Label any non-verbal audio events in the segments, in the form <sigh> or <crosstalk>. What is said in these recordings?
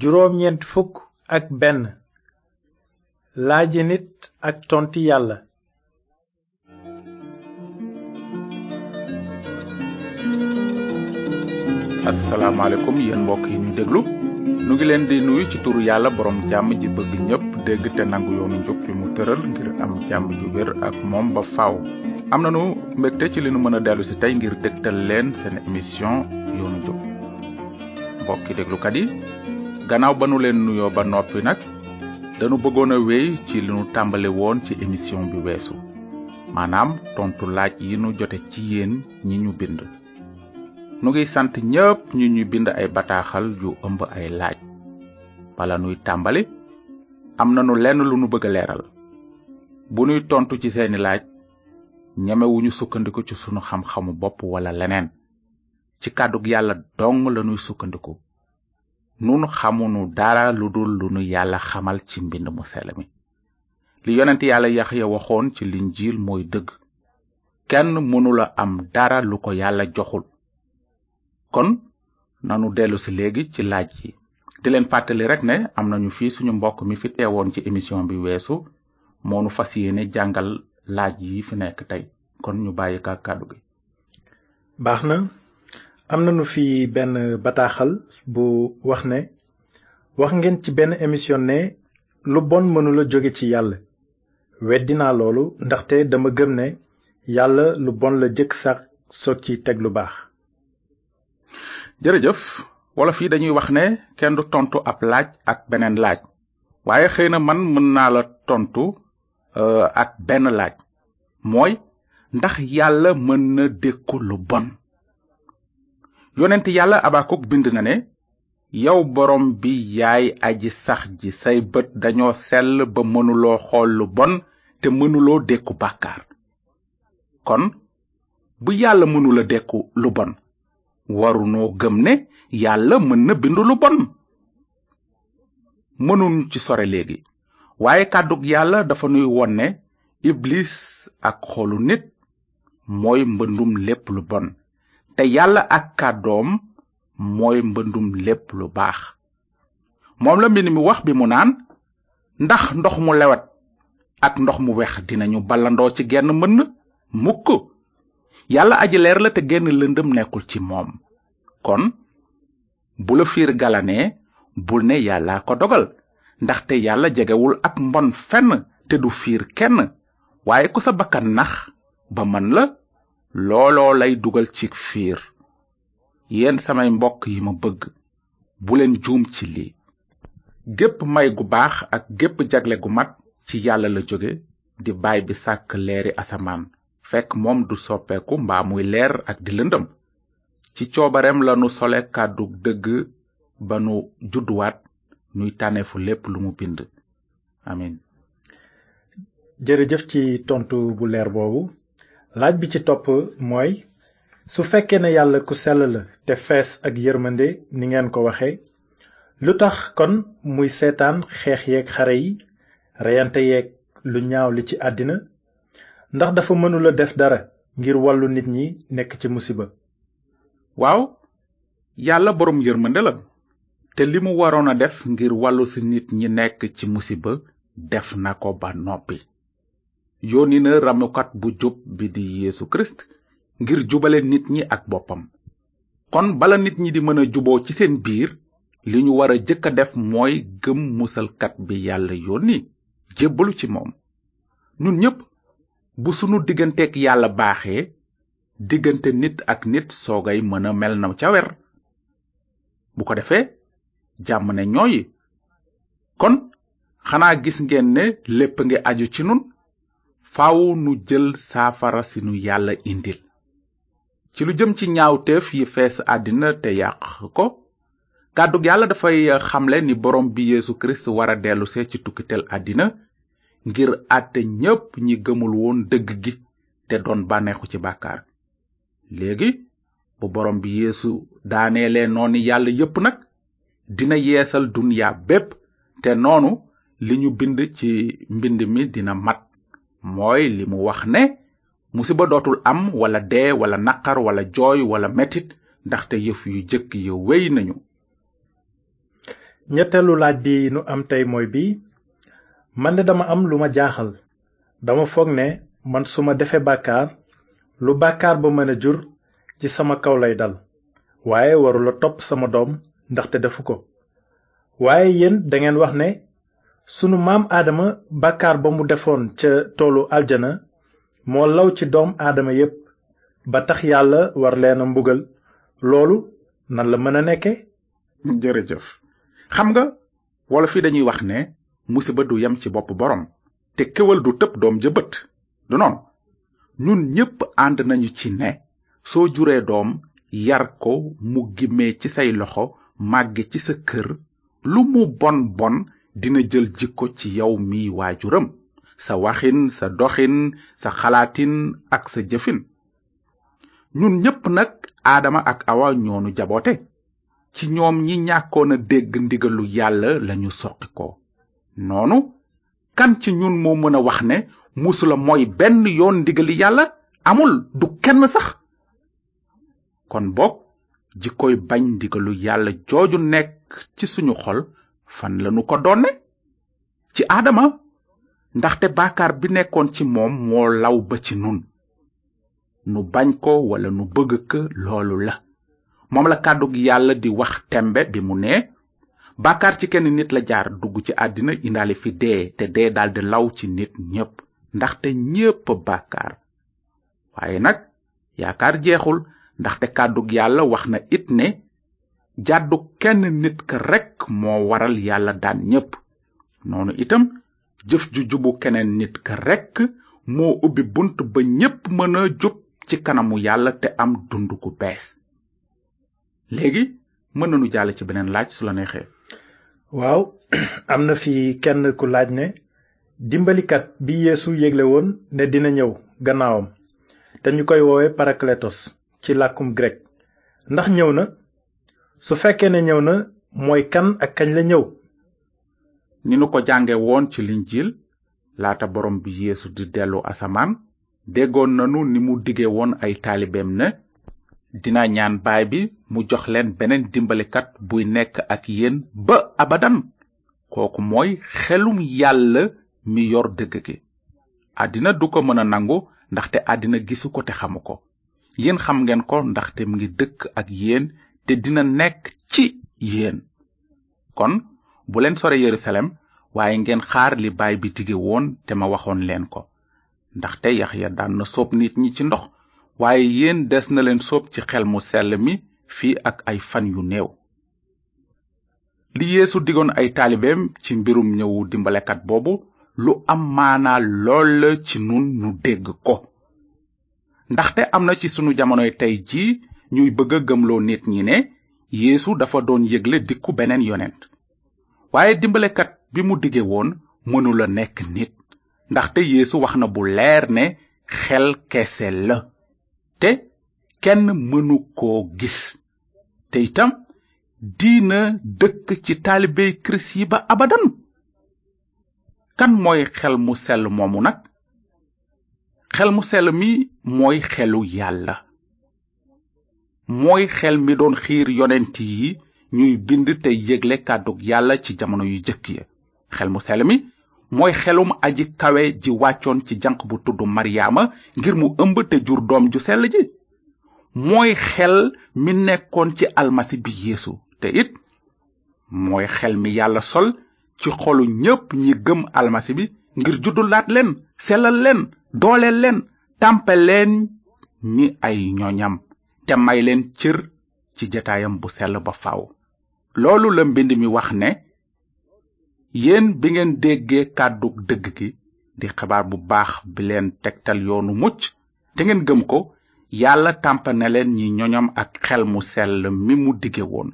juróom-ñeent fukk ak benn laaji nit ak tonti yàlla asalaamaaleykum yéen mbokk yi ñu déglu nu ngi leen di nuyu ci turu yàlla borom jàmm ji bëgg ñëpp dégg te nangu yoonu njub bi mu tëral ngir am jàmm ju wér ak moom ba faaw am nanu mbégte ci li nu mën a dellu si tey ngir dégtal leen seen émission yoonu njub mbokki déglukat yi gannaaw ba nu leen nuyoo ba noppi nag dañu bëggoon a wéy ci li nu tàmbale woon ci émission bi weesu maanaam tontu laaj yi nu jote ci yéen ñi ñu bind nu ngi sant ñépp ñi ñu bind ay bataaxal yu ëmb ay laaj bala nuy tàmbali am nanu lenn lu nu bëgg leeral bu nuy tontu ci seeni laaj ñemewuñu sukkandiku ci sunu xam-xamu bopp wala lenen. ci kàddug yàlla dong la nuy sukkandiku nun xamunu dara lu dul lu nu yàlla xamal ci mbind mu sell mi li yonent yàlla yaxya waxoon ci linjiil mooy dëgg kenn mënula am dara lu ko yàlla joxul kon na nanu dellusi léegi ci laaj yi di leen fàttali rek ne am nañu fi suñu mbokk mi fi ci émission bi weesu moonu fas yéene jàngal laaj yi fi nekk tey kon ñu bàyyi ka kàddu gi baax na am nañu fi benn bataaxal bu wax ne wax ngeen ci benn émission ne lu bon mënula jóge ci yàlla weddi loolu ndaxte dama gëm ne yàlla lu bon la jëkk sax soog ci teg lu baax jërëjëf wolof yi dañuy wax ne kenn du tontu ab laaj ak beneen laaj waaye xëy na man mën naa la tontu euh, ak benn laaj mooy ndax yàlla mën na dékku lu bon yonent yàlla abakuk bind na ne yow borom bi yaay aji sax ji say bët dañoo sell ba mënuloo xool lu bon te mënuloo dékku bàkkaar kon bu yàlla mënula dékku lu bon warunoo gëm ne yàlla mën na bindu lu bon mënuñu ci sore léegi waaye kàddug yàlla dafa nuy won ne iblis ak xolu nit mooy mbëndum lépp lu bon te yalla ak kàddoom mooy mbëndum lépp lu baax moom la mbind mi wax bi mu naan ndax ndox mu lewet ak ndox mu wex dinañu ballandoo ci genn mën mukk yàlla aji leer la te genn lëndëm nekkul ci moom kon bu la fiir galanee bul ne yalla ko dogal ndaxte yàlla jegewul ak mbon fenn te du fiir kenn waaye ku sa bakkan nax ba mën la looloo lay dugal ci fiir yéen samay mbokk yi ma bëgg bu leen juum ci lii gépp may gu baax ak gépp jagle gu mat ci yàlla la jóge di baay bi sàkk leeri asamaan fekk moom du soppeeku mbaa muy leer ak di lëndëm ci coobareem lanu sole kàddu dëgg ba nu judduwaat ñuy tànneefu lépp lu mu bind amin ci tontu bu leer boobu laaj bi ci topp mooy su fekkee ne yàlla ku sell la te fees ak yërmande ni ngeen ko waxe lu tax kon muy seetaan xeex yeeg xare yi reyante yeeg lu ñaaw li ci àddina ndax dafa mënula def dara ngir wàllu nit ñi nekk ci musiba waaw yàlla boroom yërmande la te li mu waroon a def ngir wàllu si nit ñi nekk ci musiba def na ko ba noppi yónni na ramukat bu jub bi di yéesu kirist ngir jubale nit ñi ak boppam kon bala nit ñi di mën a juboo ci seen biir li ñu war a jëkk a def mooy gëm musalkat bi yàlla yónni jébbalu ci moom ñun ñépp bu sunu digganteek yàlla baaxee diggante nit ak nit soogay mën a mel na ca wer bu ko defee jàmm ne ñooy kon xanaa gis ngeen ne lépp ngi aju ci nun faaw nu jël saafara sinu yàlla indil ci lu jëm ci ñaawteef yi fees àddina te yàq ko kàddu yàlla dafay xamle ni borom bi yeesu kirist wara dellusee ci tukkiteel àddina ngir àtte ñépp ñi gëmul woon dëgg gi te doon bànneexu ci bàkkaar léegi bu borom bi yéesu daaneele nooni yàlla yépp nag dina yeesal duniya bépp te noonu li ñu bind ci mbind mi dina mat mooy li mu wax ne musiba dootul am wala dee wala naqar wala jooy wala metit ndaxte yëf yu jëkk ya wéy nañu ñetteelu laaj bi nu am tey mooy bi man de dama am lu ma jaaxal dama foog ne man su ma defee bàkkaar lu bàkkaar ba mën a jur ci sama kaw lay dal waaye warula topp sama doom ndaxte defu ko waaye yéen dangeen wax ne sunu maam aadama bàkkaar ba mu defoon ca toolu aljana moo law ci doom aadama yépp ba tax yàlla war leena mbugal loolu nan la mën a nekke jërëjëf xam nga wala fi dañuy wax ne musiba du yem ci bopp borom te kéwal du tëb doom ja bët du noonu ñun ñépp ànd nañu ci ne soo juree doom yar ko mu gimmee ci say loxo màgge ci sa kër lu mu bon bon dina jël jikko ci yow mii waajuram sa waxin sa doxin sa xalaatin ak sa jëfin ñun ñépp nag aadama ak awa ñoonu jaboote ci ñoom ñi ñàkkoon a dégg ndigalu yàlla lañu soqi noonu kan ci ñun moo mën a wax ne musula mooy benn yoon ndigali yàlla amul du kenn sax kon boog jikkoy bañ ndigalu yàlla jooju nekk ci suñu xol fan lanu ko donne ci aadama ndaxte baakaar bi nekkoon ci moom moo law ba ci nun nu bañ ko wala nu bëgg ko loolu la moom la kàddu gi yàlla di wax tembe bi mu ne baakaar ci kenn nit la jaar dugg ci àddina indaale fi dee te dee daldi law ci nit ñépp ndaxte ñépp baakaar waaye nag yaakaar jeexul ndaxte kàddug yàlla wax na it ne jàddu kenn nit ka rekk moo waral yàlla daan ñépp noonu itam jëf ju jubu keneen nit ka rekk moo ubbi bunt ba ñépp mën a jub ci kanamu yàlla te am dund gu bees léegi mën nañu jàll ci beneen laaj su la neexee waaw <clears throat> am na fi kenn ku laaj ne dimbalikat bi yeesu yégle woon ne dina ñëw gannaawam te ñu koy woowe parakletos ci làkkum grek ndax ñëw na su fekkee ne ñëw na mooy kan ak kañ la ñëw ni nu ko jànge woon ci linjiil laata borom bi yéesu di dellu asamaan déggoon nanu ni mu dige woon ay taalibeem ne dina ñaan baay bi mu jox leen beneen dimbalikat buy nekk ak yéen ba abadan kooku mooy xelum yàlla mi yor dëgg gi àddina du ko mën a nangu ndaxte àddina gisu ko te xamu ko yéen xam ngeen ko ndaxte mu ngi dëkk ak yéen te dina nekk ci yéen kon bu leen sore yerusalem waaye ngeen xaar li baay bi dige woon te ma waxoon leen ko ndaxte yaxya daan na soob nit ñi ci ndox waaye yéen des na leen soob ci xel mu sell mi fii ak ay fan yu néew li yeesu digoon ay taalibeem ci mbirum ñëwu dimbalekat boobu lu am maanaa lool la ci nun nu dégg ko ndaxte am na ci sunu jamonoy tey jii ñuy bëgg gëmloo nit ñi ne yéesu dafa doon yëgle dikku beneen yonent waaye dimbalekat bi mu dige woon mënula nekk nit ndaxte yéesu wax na bu leer ne xel kese la te kenn mënu koo gis te itam diina dëkk ci taalibey kirist yi ba abadan kan mooy xel mu sell moomu nag xel mu sell mii mooy xelu yàlla mooy xel mi doon xiir yonent yi ñuy bind te yëgle kàddug yàlla ci jamono yu jëkk ya xel mu sel mi mooy xelum aji kawe ji wàccoon ci janq bu tudd maryaama ngir mu ëmb te jur doom ju sel ji mooy xel mi nekkoon ci almasi bi yeesu te it mooy xel mi yàlla sol ci xolu ñépp ñi gëm almasi bi ngir laat leen selal leen dooleel leen tàmpe leen ñi ay ñoñam te may leen cër ci jataayam bu sell ba faaw loolu la mbind mi wax ne yéen bi ngeen déggee kàddu dëgg gi di xibaar bu baax bi leen tegtal yoonu mucc te ngeen gëm ko yàlla na leen ñi ñoñom ak xel mu sell mi mu dige woon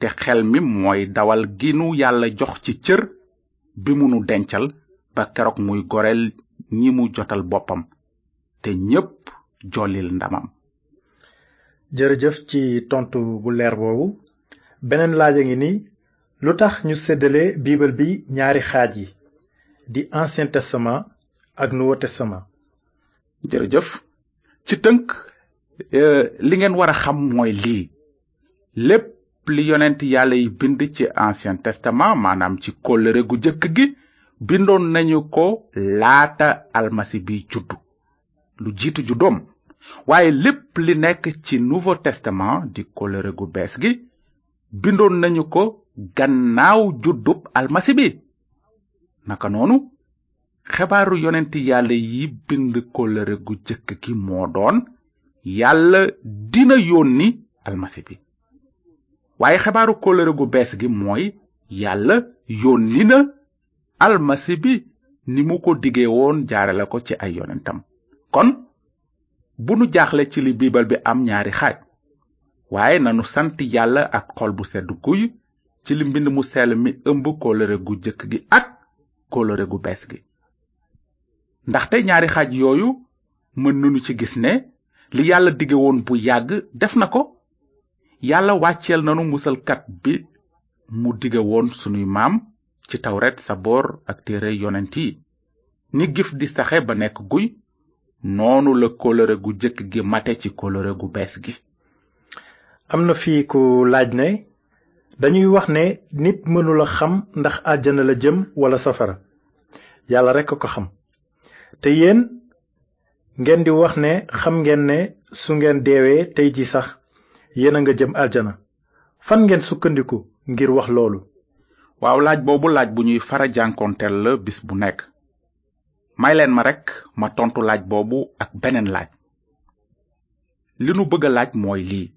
te xel mi mooy dawal gi nu yàlla jox ci cër bi mu dencal ba keroog muy goreel ñi mu jotal boppam te ñépp jollil ndamam jërëjëf ci tontu bu leer boobu beneen laaj ngi ni lu tax ñu seddalee biibal bi ñaari xaaj yi di ancien testament ak nouveau testament. jërëjëf ci tënk euh, li ngeen war a xam mooy lii lépp li yonent yàlla yi bind ci ancien testament maanaam ci kóllëre gu jëkk gi bindoon nañu ko laata almasi bi juddu lu jiitu ju doom waaye lépp li nekk ci nouveau testament di kóllëre gu bees gi bindoon nañu ko gannaaw juddub almasi bi naka noonu xabaaru yonent yàlla yi bind kóllëre gu jëkk gi moo doon yàlla dina yónni almasi bi waaye xabaaru kóllëre gu bees gi mooy yàlla yónni na almasi bi ni mu ko diggee woon jaarale ko ci ay yonentam kon bu nu jaaxle ci li biibal bi am ñaari xaaj waaye nanu sant yàlla ak xol bu sedd guy ci li mbind mu sell mi ëmb kóllëre gu jëkk gi ak kóllëre gu bees gi ndaxte ñaari xaaj yooyu mën nanu ci gis ne li yàlla dige woon bu yàgg def na ko yàlla wàcceel nanu musalkat bi mu dige woon sunuy maam ci tawret saboor ak téere yonent yi ni gif di saxe ba nekk guy noonu la kóllëre gu jëkk gi mate ci kóllëre gu bees gi am na fii ku laaj ne dañuy wax ne nit mënula xam ndax àjjana la jëm wala safara yàlla rekk a ko xam te yéen ngeen di wax ne xam ngeen ne su ngeen deewee tey ji sax yéen a nga jëm àjjana fan ngeen sukkandiku ngir wax loolu waaw laaj boobu laaj bu ñuy fara jànkoonteel la bis bu nekk may leen ma rekk ma tontu laaj boobu ak beneen laaj li nu bëgg a laaj mooy lii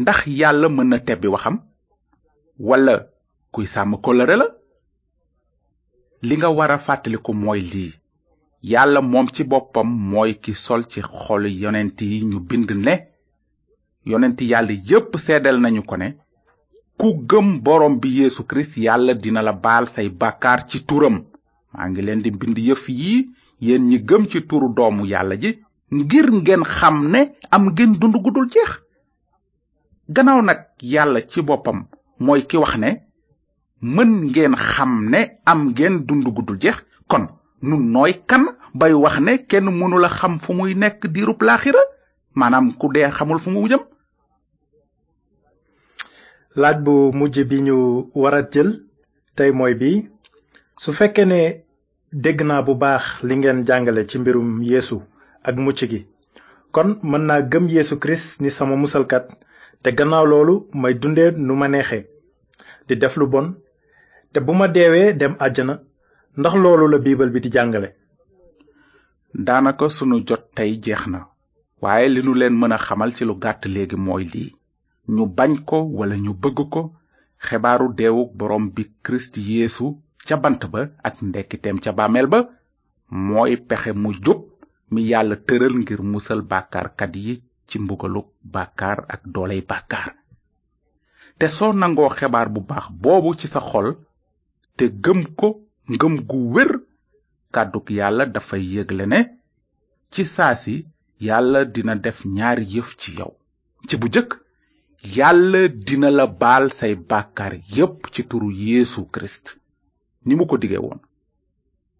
ndax yàlla mën na tebbi waxam walla kuy sàmm kóllëre la li nga war a fàttaliku mooy lii yàlla moom ci boppam mooy ki sol ci xolu yonent yi ñu bind ne yonent yàlla yépp seedeel nañu ko ne ku gëm boroom bi yéesu Kirist yàlla dina la baal say bàkkaar ci tuuram maa ngi leen di bind yëf yii yéen ñi gëm ci turu doomu yàlla ji ngir ngeen xam ne am ngeen dund guddul jeex gannaaw nag yàlla ci boppam mooy ki wax ne mën ngeen xam ne am ngeen dund gudul jeex kon nu nooy kan bay wax ne kenn mënula xam fu muy nekk diirub laaxira maanaam ku dee xamul fu mu jëm laaj bu mujj bi ñu war jël tey mooy bi su fekkee ne dégg naa bu baax li ngeen jàngale ci mbirum yéesu ak mucc gi kon mën naa gëm yéesu kirist ni sama musalkat te gannaaw loolu may dundee nu ma neexee di def lu bon te bu ma deewee dem àjjana ndax loolu la biibal bi di jàngale daanaka sunu jot tey jeex na waaye li nu leen mën a xamal ci lu gàtt léegi mooy lii ñu bañ ko walla ñu bëgg ko xebaaru deewuk borom bi kirist yeesu ca bant ba ak ndekkiteem ca bàmmeel ba mooy pexe mu jub mi yàlla tëral ngir musal bàkkaarkat yi ci mbugaluk bàkkaar ak dooley bàkkaar te soo nangoo xebaar bu baax boobu ci sa xol te gëm ko ngëm gu wér kàddug yàlla dafay yëgle ne ci saa si yàlla dina def ñaari yëf ci yow ci bu jëkk yàlla dina la baal say bàkkaar yépp ci turu yéesu kirist ni mu ko digee woon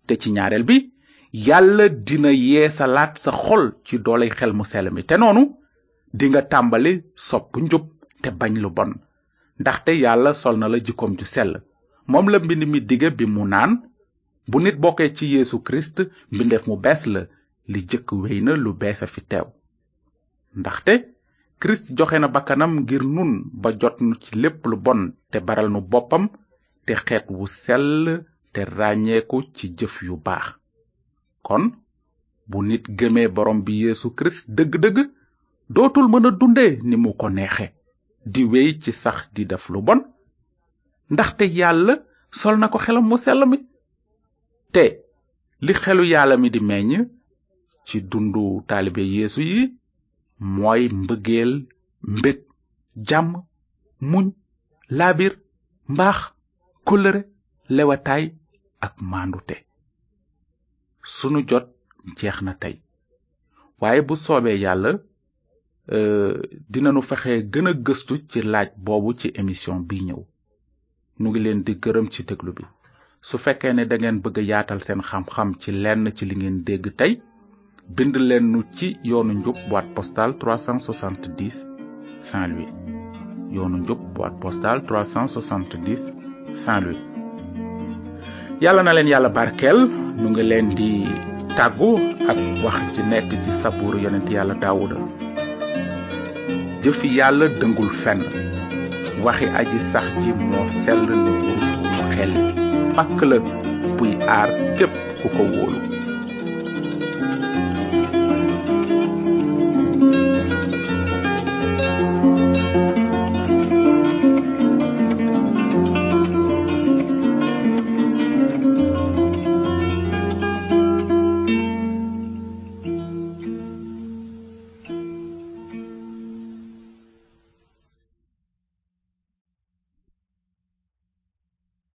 te ci ñaareel bi yàlla dina yeesalaat sa xol ci dooley xel mu sell mi te noonu dinga tàmbali sopp njub te bañ lu bon ndaxte yàlla sol na la jikkoom ju sell moom la mbind mi dige bi mu naan bu nit bokkee ci yéesu kirist mbindeef mu bees la li jëkk wéy na lu bees a fi teew ndaxte kirist joxe na bakkanam ngir nun ba jot nu ci lépp lu bon te baral nu boppam te xeet wu sell te ràññeeku ci jëf yu baax kon bu nit gëmee borom bi yéesu kirist dëgg-dëgg dootul mën a dunde ni mu ko neexe di wéy ci sax di def lu bon ndaxte yàlla sol na ko xelam mu sell mi te li xelu yàlla mi di meññ ci dundu taalibe yeesu yi mooy mbëggeel mbég jàmm muñ laabir mbaax kóllëre lewataay ak maandute sunu jot jeex na tey waaye bu soobee yàlla euh, dinanu fexe gën a gëstu ci laaj boobu ci émission bi ñëw nu ngi leen di gërëm ci déglu bi su fekkee ne da ngeen bëgg yaatal seen xam-xam ci lenn ci li ngeen dégg tey bind leen nu ci yoonu njub boîte postale 370 Saint-Louis yoonu njub boîte postale 370 saint yàlla na leen yàlla barkeel nu ngi leen di tàggu ak wax ji nekk ci sabuuru yonent yàlla daawuda jëfi yàlla dëngul fenn waxi aji sax ji moo sell na wurus mu xel pàkk la buy aar képp ku ko wóolu